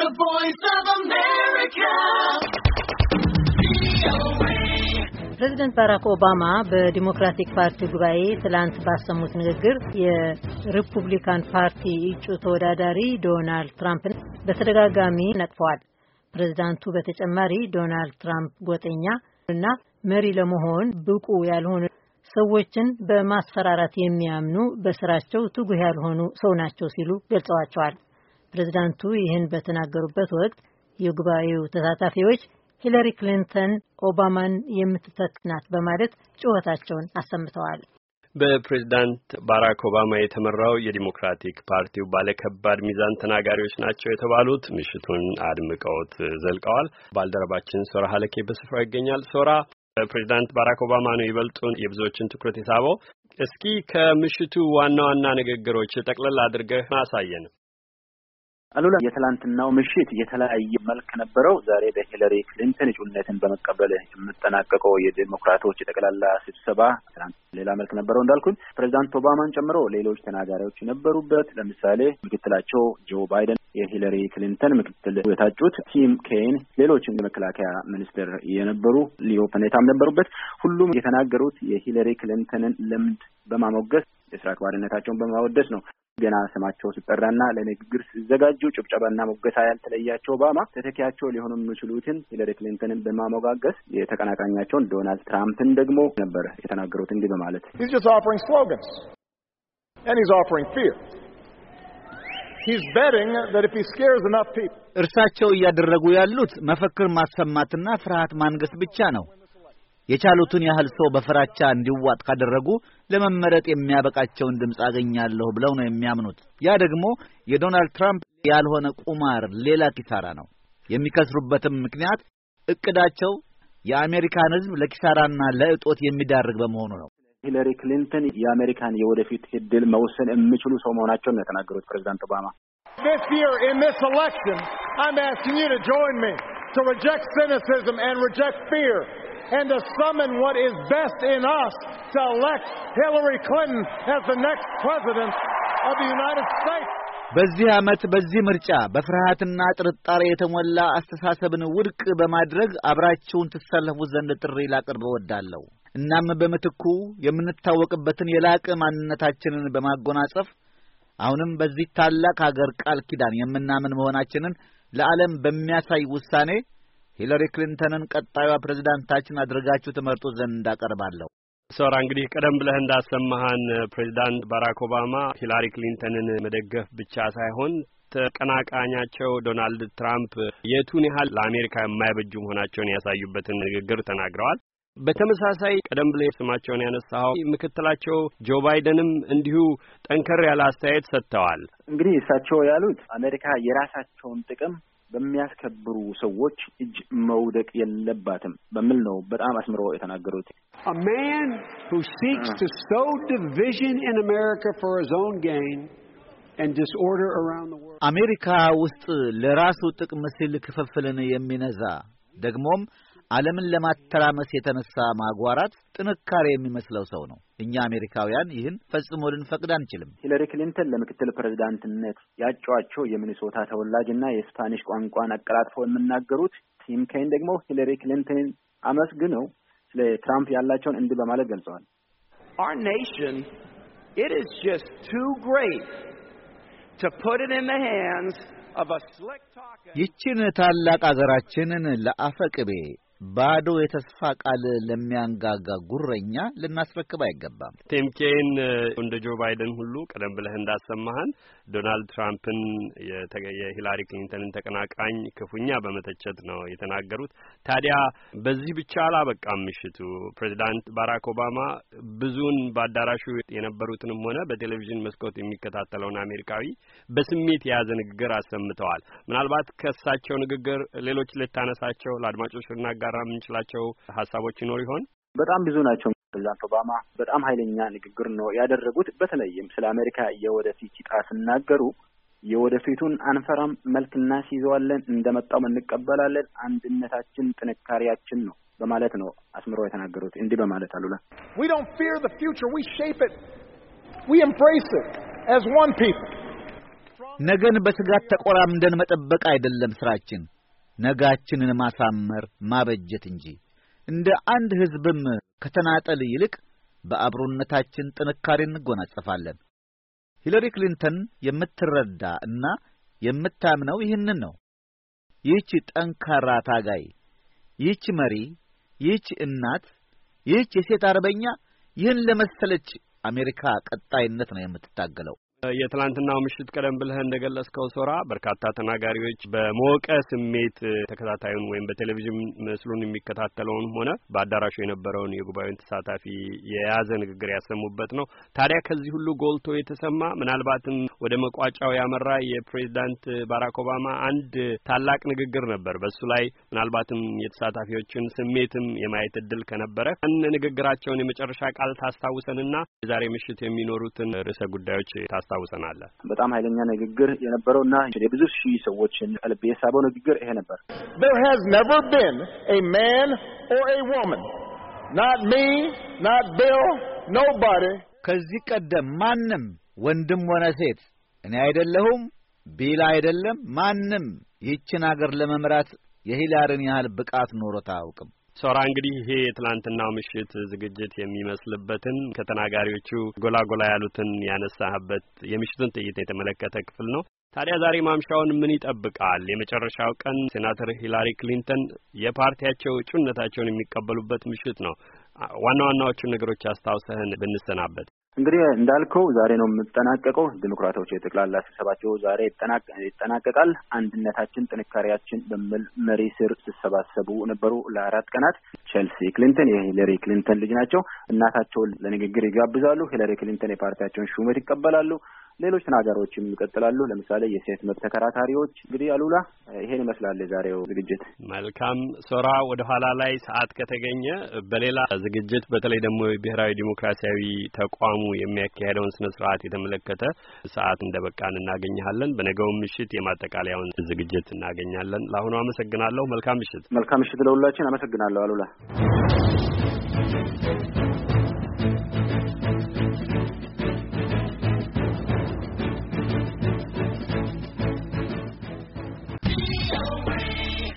The Voice of America. ፕሬዚደንት ባራክ ኦባማ በዲሞክራቲክ ፓርቲ ጉባኤ ትላንት ባሰሙት ንግግር የሪፑብሊካን ፓርቲ እጩ ተወዳዳሪ ዶናልድ ትራምፕን በተደጋጋሚ ነቅፈዋል። ፕሬዚዳንቱ በተጨማሪ ዶናልድ ትራምፕ ጎጠኛ እና መሪ ለመሆን ብቁ ያልሆኑ ሰዎችን በማስፈራራት የሚያምኑ በስራቸው ትጉህ ያልሆኑ ሰው ናቸው ሲሉ ገልጸዋቸዋል። ፕሬዚዳንቱ ይህን በተናገሩበት ወቅት የጉባኤው ተሳታፊዎች ሂለሪ ክሊንተን ኦባማን የምትተክናት በማለት ጩኸታቸውን አሰምተዋል። በፕሬዚዳንት ባራክ ኦባማ የተመራው የዲሞክራቲክ ፓርቲው ባለከባድ ሚዛን ተናጋሪዎች ናቸው የተባሉት ምሽቱን አድምቀውት ዘልቀዋል። ባልደረባችን ሶራ ሀለኬ በስፍራው ይገኛል። ሶራ፣ ፕሬዚዳንት ባራክ ኦባማ ነው ይበልጡን የብዙዎችን ትኩረት የሳበው። እስኪ ከምሽቱ ዋና ዋና ንግግሮች ጠቅለል አድርገህ አሳየን። አሉላ የትላንትናው ምሽት የተለያየ መልክ ነበረው። ዛሬ በሂለሪ ክሊንተን እጩነትን በመቀበል የምጠናቀቀው የዴሞክራቶች ጠቅላላ ስብሰባ ትላንት ሌላ መልክ ነበረው እንዳልኩኝ ፕሬዚዳንት ኦባማን ጨምሮ ሌሎች ተናጋሪዎች የነበሩበት ለምሳሌ ምክትላቸው ጆ ባይደን፣ የሂለሪ ክሊንተን ምክትል የታጩት ቲም ኬን፣ ሌሎች የመከላከያ ሚኒስትር የነበሩ ሊዮ ፓኔታም ነበሩበት። ሁሉም የተናገሩት የሂለሪ ክሊንተንን ልምድ በማሞገስ የስራ አክባሪነታቸውን በማወደስ ነው። ገና ስማቸው ሲጠራና ለንግግር ሲዘጋጁ ጭብጨባና ሞገሳ ያልተለያቸው ኦባማ ተተኪያቸው ሊሆኑ የሚችሉትን ሂለሪ ክሊንተንን በማሞጋገስ የተቀናቃኛቸውን ዶናልድ ትራምፕን ደግሞ ነበር የተናገሩት እንዲህ በማለት እርሳቸው እያደረጉ ያሉት መፈክር ማሰማትና ፍርሃት ማንገስ ብቻ ነው። የቻሉትን ያህል ሰው በፍራቻ እንዲዋጥ ካደረጉ ለመመረጥ የሚያበቃቸውን ድምፅ አገኛለሁ ብለው ነው የሚያምኑት። ያ ደግሞ የዶናልድ ትራምፕ ያልሆነ ቁማር፣ ሌላ ኪሳራ ነው። የሚከስሩበትም ምክንያት እቅዳቸው የአሜሪካን ሕዝብ ለኪሳራና ለእጦት የሚዳርግ በመሆኑ ነው። ሂለሪ ክሊንተን የአሜሪካን የወደፊት እድል መውሰን የሚችሉ ሰው መሆናቸውን ነው የተናገሩት ፕሬዚዳንት ኦባማ and to summon what is best in us to elect Hillary Clinton as the next president of the United States. በዚህ ዓመት በዚህ ምርጫ በፍርሃትና ጥርጣሬ የተሞላ አስተሳሰብን ውድቅ በማድረግ አብራችሁን ትሰለፉ ዘንድ ጥሪ ላቀርብ እወዳለሁ። እናም በምትኩ የምንታወቅበትን የላቀ ማንነታችንን በማጎናጸፍ አሁንም በዚህ ታላቅ ሀገር ቃል ኪዳን የምናምን መሆናችንን ለዓለም በሚያሳይ ውሳኔ ሂለሪ ክሊንተንን ቀጣዩ ፕሬዝዳንታችን አድርጋችሁ ትመርጡ ዘንድ እንዳቀርባለሁ። ሶራ እንግዲህ ቀደም ብለህ እንዳሰማሃን ፕሬዚዳንት ባራክ ኦባማ ሂላሪ ክሊንተንን መደገፍ ብቻ ሳይሆን ተቀናቃኛቸው ዶናልድ ትራምፕ የቱን ያህል ለአሜሪካ የማይበጁ መሆናቸውን ያሳዩበትን ንግግር ተናግረዋል። በተመሳሳይ ቀደም ብለህ ስማቸውን ያነሳኸው ምክትላቸው ጆ ባይደንም እንዲሁ ጠንከር ያለ አስተያየት ሰጥተዋል። እንግዲህ እሳቸው ያሉት አሜሪካ የራሳቸውን ጥቅም በሚያስከብሩ ሰዎች እጅ መውደቅ የለባትም በሚል ነው በጣም አስምረው የተናገሩት። A man who seeks to sow division in America for his own gain and disorder around the world. አሜሪካ ውስጥ ለራሱ ጥቅም ሲል ክፍፍልን የሚነዛ ደግሞም ዓለምን ለማተራመስ የተነሳ ማጓራት ጥንካሬ የሚመስለው ሰው ነው። እኛ አሜሪካውያን ይህን ፈጽሞ ልንፈቅድ አንችልም። ሂለሪ ክሊንተን ለምክትል ፕሬዚዳንትነት ያጯቸው የሚኒሶታ ተወላጅና የስፓኒሽ ቋንቋን አቀላጥፈው የሚናገሩት ቲም ካይን ደግሞ ሂለሪ ክሊንተንን አመስግነው ስለ ትራምፕ ያላቸውን እንዲህ በማለት ገልጸዋል። Our nation, it is just too great to put it in the hands ይችን ታላቅ አገራችንን ለአፈቅቤ ባዶ የተስፋ ቃል ለሚያንጋጋ ጉረኛ ልናስረክብ አይገባም። ቲምኬን እንደ ጆ ባይደን ሁሉ ቀደም ብለህ እንዳሰማህን ዶናልድ ትራምፕን የሂላሪ ክሊንተንን ተቀናቃኝ ክፉኛ በመተቸት ነው የተናገሩት። ታዲያ በዚህ ብቻ አላበቃም። ምሽቱ ፕሬዚዳንት ባራክ ኦባማ ብዙውን በአዳራሹ የነበሩትንም ሆነ በቴሌቪዥን መስኮት የሚከታተለውን አሜሪካዊ በስሜት የያዘ ንግግር አሰምተዋል። ምናልባት ከእሳቸው ንግግር ሌሎች ልታነሳቸው ለአድማጮች ልናጋ ልናጋራ የምንችላቸው ሀሳቦች ይኖር ይሆን? በጣም ብዙ ናቸው። ፕሬዚዳንት ኦባማ በጣም ኃይለኛ ንግግር ነው ያደረጉት። በተለይም ስለ አሜሪካ የወደፊት ጭጣ ሲናገሩ የወደፊቱን አንፈራም፣ መልክ እናስይዘዋለን፣ እንደመጣው እንቀበላለን፣ አንድነታችን ጥንካሬያችን ነው በማለት ነው አስምሮ የተናገሩት። እንዲህ በማለት አሉላ We don't fear the future, we shape it. We embrace it as one people. ነገን በስጋት ተቆራምደን መጠበቅ አይደለም ስራችን ነጋችንን ማሳመር ማበጀት እንጂ እንደ አንድ ሕዝብም ከተናጠል ይልቅ በአብሮነታችን ጥንካሬ እንጎናጸፋለን። ሂለሪ ክሊንተን የምትረዳ እና የምታምነው ይህንን ነው። ይህች ጠንካራ ታጋይ፣ ይህች መሪ፣ ይህች እናት፣ ይህች የሴት አርበኛ ይህን ለመሰለች አሜሪካ ቀጣይነት ነው የምትታገለው። የትላንትናው ምሽት ቀደም ብለህ እንደገለጽከው ሶራ በርካታ ተናጋሪዎች በሞቀ ስሜት ተከታታዩን ወይም በቴሌቪዥን ምስሉን የሚከታተለውን ሆነ በአዳራሹ የነበረውን የጉባኤውን ተሳታፊ የያዘ ንግግር ያሰሙበት ነው። ታዲያ ከዚህ ሁሉ ጎልቶ የተሰማ ምናልባትም ወደ መቋጫው ያመራ የፕሬዚዳንት ባራክ ኦባማ አንድ ታላቅ ንግግር ነበር። በሱ ላይ ምናልባትም የተሳታፊዎችን ስሜትም የማየት እድል ከነበረ ንግግራቸውን የመጨረሻ ቃል ታስታውሰንና የዛሬ ምሽት የሚኖሩትን ርዕሰ ጉዳዮች ታስታ ታስታውሰናለ? በጣም ኃይለኛ ንግግር የነበረው እና የብዙ ሺህ ሰዎችን ቀልብ የሳበው ንግግር ይሄ ነበር። There has never been a man or a woman, not me, not Bill, nobody. ከዚህ ቀደም ማንም ወንድም ሆነ ሴት እኔ አይደለሁም ቢል አይደለም ማንም ይህችን አገር ለመምራት የሂላርን ያህል ብቃት ኖሮት አያውቅም። ሶራ እንግዲህ ይሄ የትላንትናው ምሽት ዝግጅት የሚመስልበትን ከተናጋሪዎቹ ጎላ ጎላ ያሉትን ያነሳህበት የምሽቱን ጥይት የተመለከተ ክፍል ነው። ታዲያ ዛሬ ማምሻውን ምን ይጠብቃል? የመጨረሻው ቀን ሴናተር ሂላሪ ክሊንተን የፓርቲያቸው እጩነታቸውን የሚቀበሉበት ምሽት ነው። ዋና ዋናዎቹን ነገሮች አስታውሰህን ብንሰናበት እንግዲህ እንዳልከው ዛሬ ነው የምጠናቀቀው። ዲሞክራቶች የጠቅላላ ስብሰባቸው ዛሬ ይጠናቀቃል። አንድነታችን ጥንካሬያችን በሚል መሪ ስር ሲሰባሰቡ ነበሩ ለአራት ቀናት። ቼልሲ ክሊንተን የሂለሪ ክሊንተን ልጅ ናቸው። እናታቸውን ለንግግር ይጋብዛሉ። ሂለሪ ክሊንተን የፓርቲያቸውን ሹመት ይቀበላሉ። ሌሎች ተናጋሪዎችም ይቀጥላሉ። ለምሳሌ የሴት መብት ተከራካሪዎች። እንግዲህ አሉላ ይሄን ይመስላል የዛሬው ዝግጅት። መልካም ሶራ፣ ወደ ኋላ ላይ ሰዓት ከተገኘ በሌላ ዝግጅት በተለይ ደግሞ የብሔራዊ ዲሞክራሲያዊ ተቋሙ የሚያካሄደውን ስነ ስርዓት የተመለከተ ሰዓት በቃን እናገኘሃለን። በነገው ምሽት የማጠቃለያውን ዝግጅት እናገኛለን። ለአሁኑ አመሰግናለሁ። መልካም ምሽት። መልካም ምሽት ለሁላችን። አመሰግናለሁ አሉላ።